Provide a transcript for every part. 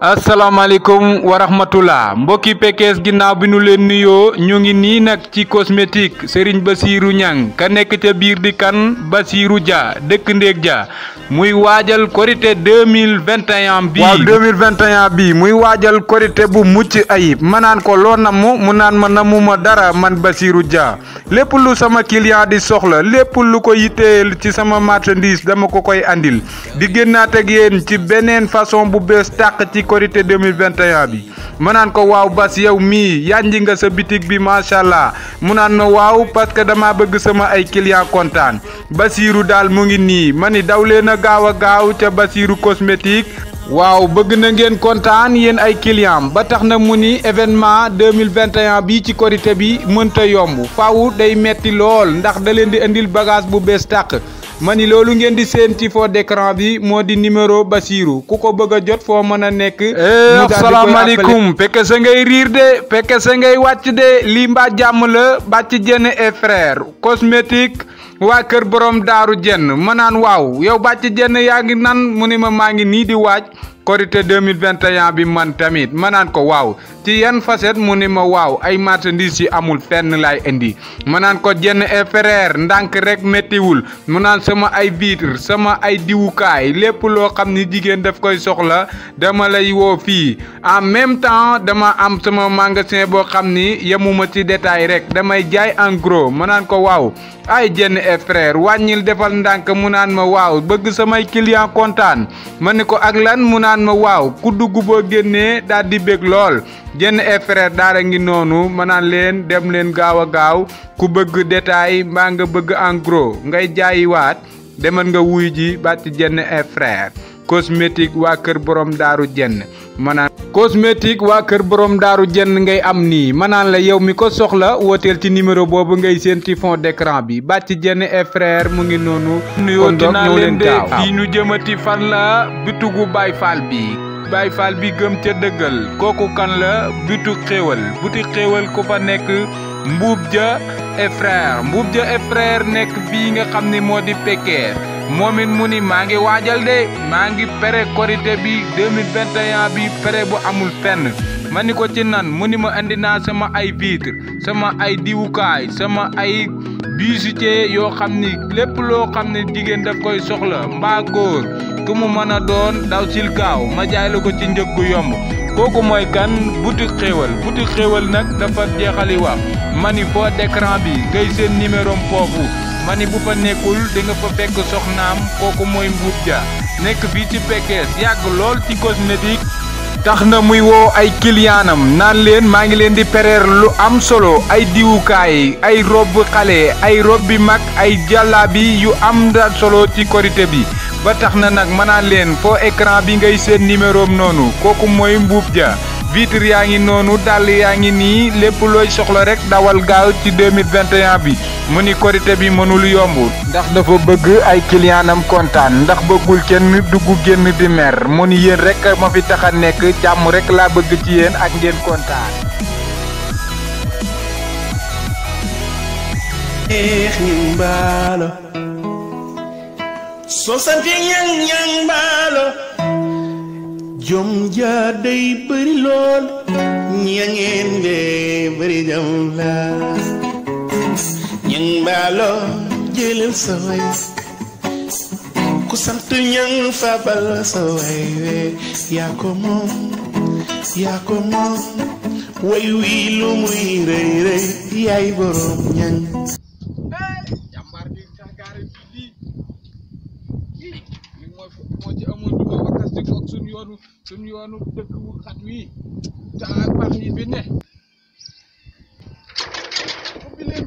asalaamaaleykum wa rahmatullah mbokki pekkees ginnaaw bi nu leen nuyoo ñu ngi nii nag ci cosmétique Serigne Bassirou Niang ka nekk ca biir di kan Bassirou Dia dëkk Ndéeg Dia muy waajal korité deux mille vingt et un bii. waaw vingt et bii muy waajal korité bu mucc ayib manaan ko loo namu mu naan ma namu dara man basiiru Dia lépp lu sama client di soxla lépp lu ko yitteel ci sama marchandise dama ko koy andil di génnaat ak yéen ci beneen façon bu bees tàq ci korité deux mille vingt bi manaan ko waaw Bas yow mii yanji nga sa bitig bi macha allah mu naan ma waaw parce que dama bëgg sama ay client kontaan Basirou daal mu ngi nii ma ni daw gaaw a gaaw ca Basiru cosmétique waaw bëgg na ngeen kontaan yéen ay client ba tax na mu ni événement 2021 bi ci korité bi mënta yomb faaw day metti lool ndax da leen di indil bagage bu bees tàq ma ni loolu ngeen di seen ci fond d'écran bi moo di numéro Basiru ku ko bëgg a jot foo mën a nekk eh, asalaamaaleykum pekke sa ngay riir de pekke sa ngay wàcc de lii mbaa jàmm la bàcc jene et frère cosmétique waa kër borom daaru jenn ma naan waaw yow bàcc jenn yaa ngi nan mu ni ma maa ngi nii di waaj korité 2021 bi man tamit ma ko waaw ci yan facette mu ni ma waaw ay marchandises yi amul fenn laay indi ma naan ko jenn e frère ndànk rek méttiwul mu naan sama ay vitre sama ay diwukaay lépp loo xam ni jigéen daf koy soxla dama lay woo fii en même temps dama am sama magasin boo xam ni yemuma ci détail rek damay jaay en gros ko waaw ay jenn e frère wàññil defal ndànk mu naan ma waaw bëgg samay client kontaan ma ko ak lan naan ma waaw ku dugg boo génnee daal di bég lool jenn e daara ngi noonu ma naan leen dem leen gaaw a gaaw ku bëgg détail mbaa nga bëgg engro gros ngay jaayiwaat demal nga wuy ji bàtti jenn e frère waa kër borom daaru jenn ma cosmétique waa kër boroom daaru jenn ngay am nii manaan la yow mi ko soxla wooteel ci numéro boobu ngay seen ci fond d'écran bi bàcc jenn et mu ngi noonu nuyooti naa leen de fii ñu jëmati fan la bitugu Baay Faal bi Baay Faal bi gëm ca dëggal kooku kan la butu xéewal buti xéewal ku fa nekk mbuub ja et mbuub ja et nekk fii nga xam ni moo di Pékère moom it mu ni maa ngi waajal de maa ngi pere korité bi 2021 bi pere bu amul fenn ma ni ko ci nan mu ni ma indi naa sama ay vitre sama ay diwukaay sama ay bijoutier yoo xam ni lépp loo xam ne jigéen daf koy soxla mbaa góor ku mu mën a doon daw sil gaaw ma jaay ko ci njëg gu yomb kooku moy kan boutique xéewal boutique xéewal nag dafa jeexali wax ma ni foo d'écran bi ngay seen numéro foofu ma bu fa nekkul di nga fa fekk soxnaam kooku mooy mbuub ja nekk fii ci Pekes yàgg lool ci cosmétique tax na muy woo ay kiliyaanam naan leen maa ngi leen di pereer lu am solo ay diwukaay ay robb xale ay robbi mag ay jàllaabi yu am da solo ci korité bi ba tax na nag ma leen foo écran bi ngay seen numéro noonu kooku mooy mbuub ja vitre yaa ngi noonu dàll yaa ngi nii lépp looy soxla rek dawal gaaw ci 2021 bi mu ni korité bi mënul yomb ndax dafa bëgg ay kiliyaanam kontaan ndax bëggul kenn dugg génn di mer mu ni yéen rek ma fi tax a nekk jàmm rek laa bëgg ci yéen ak ngeen kontaan jom ja day bëri lool ña ngeen dee bëri jam la ñang mbaaloo jëlal sa way ku sant ñang fabal sa way we yaa ko moom yaa muy rëy rëy yaay borom ñang mooy moo ci amoon du ma kaste koog suñu yoonu suñu yoonu dëkk bu xat wii te ak parti bi ne ubbi leen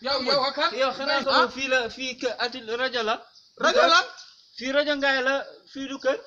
yow yow ak kan yow xanaa xamoo ah? fii la fii kë ati rajo la. rajo la fii rajo ngaay la fii du kër.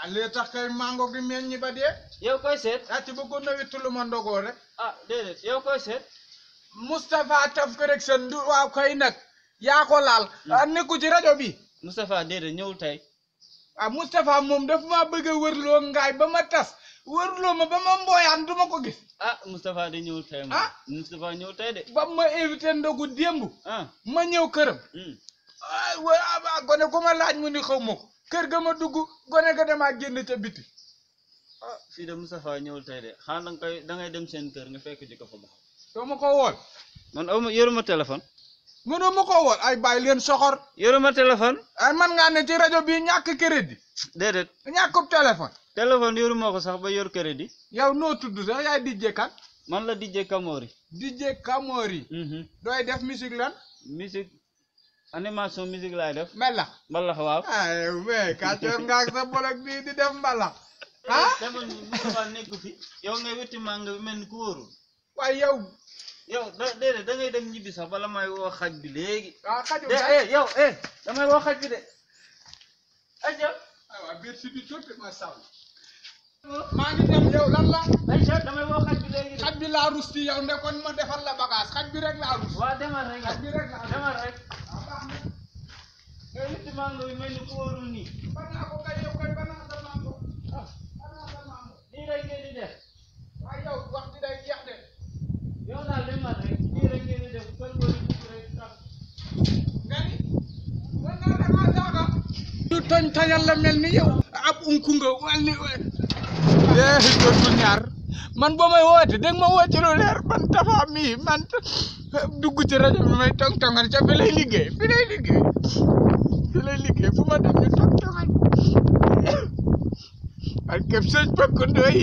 ah liy tax kay mango gi meññ ba dee. yow koy seet. ati bëggoon na witt lu ma ndogoo rek. ah déedéet koy seet. Moustapha taf ko rek du waaw kay nag yaa ko laal. Hmm. ah nekku ci rajo bi. Moustapha déedéet ñëwul tey. ah Moustapha moom daf maa bëgg a wërloo ngaay ba ma tas. wërloo ma ba ma mbooyaan du ma ko gis. ah Moustapha de ñëwul tey ma. ah Moustapha ñëwul tey de. ba ma invité ndogu démb. Ah. ma ñëw këram. Hmm. ah waa gone ku ma laaj mu ni xaw ma kër ga ma dugg gone ga damaa génn ca biti. ah fii de Moustapha ñëwul tey de xanaa danga koy dangay dem seen nga fekk ji ko fa ba. doo ma ko wool. man aw ma yoruma téléphone. nga ne ko woon ay bay leen soxor. yoru ma téléphone. ay man nga ne ci radio bi ñak crédit. dedet ñàkkub téléphone. téléphone yoru mako sax ba yor crédit. yow no tuddu sax yaay DJ kan. man la DJ Kamori. DJ Kamori. Mhm. doy def musique lan. musique animation musique laay def. mbalax mbalax waaw. ay mais kàccoor nga ak sa bolak di di def mbalax. ah demal mu nekk fi. yow ngay witti màng bi mel ni yow. yow déedéet da ngay dem ñibbisa sax bala may woo xaj bi léegi. waaw ah, xajul de eh, yow eh, damay woo xaj bi de. ayca. aywa ah, ma sàmm. la. damay woo xaj bi léegi. xaj bi laa rus ci yow ne kon ma defal la bagage xaj bi rek laa tooñ tañal la mel ab unkunga wal ni léegi dootu ñaar man boo may woote dégg ma woo ci lu leer man tafa mi ci rajo may tong tongal ca fi lay liggéey fi liggéey fi liggéey fu ma dem ñu tong tongal ak képp sëñ bakk ndoy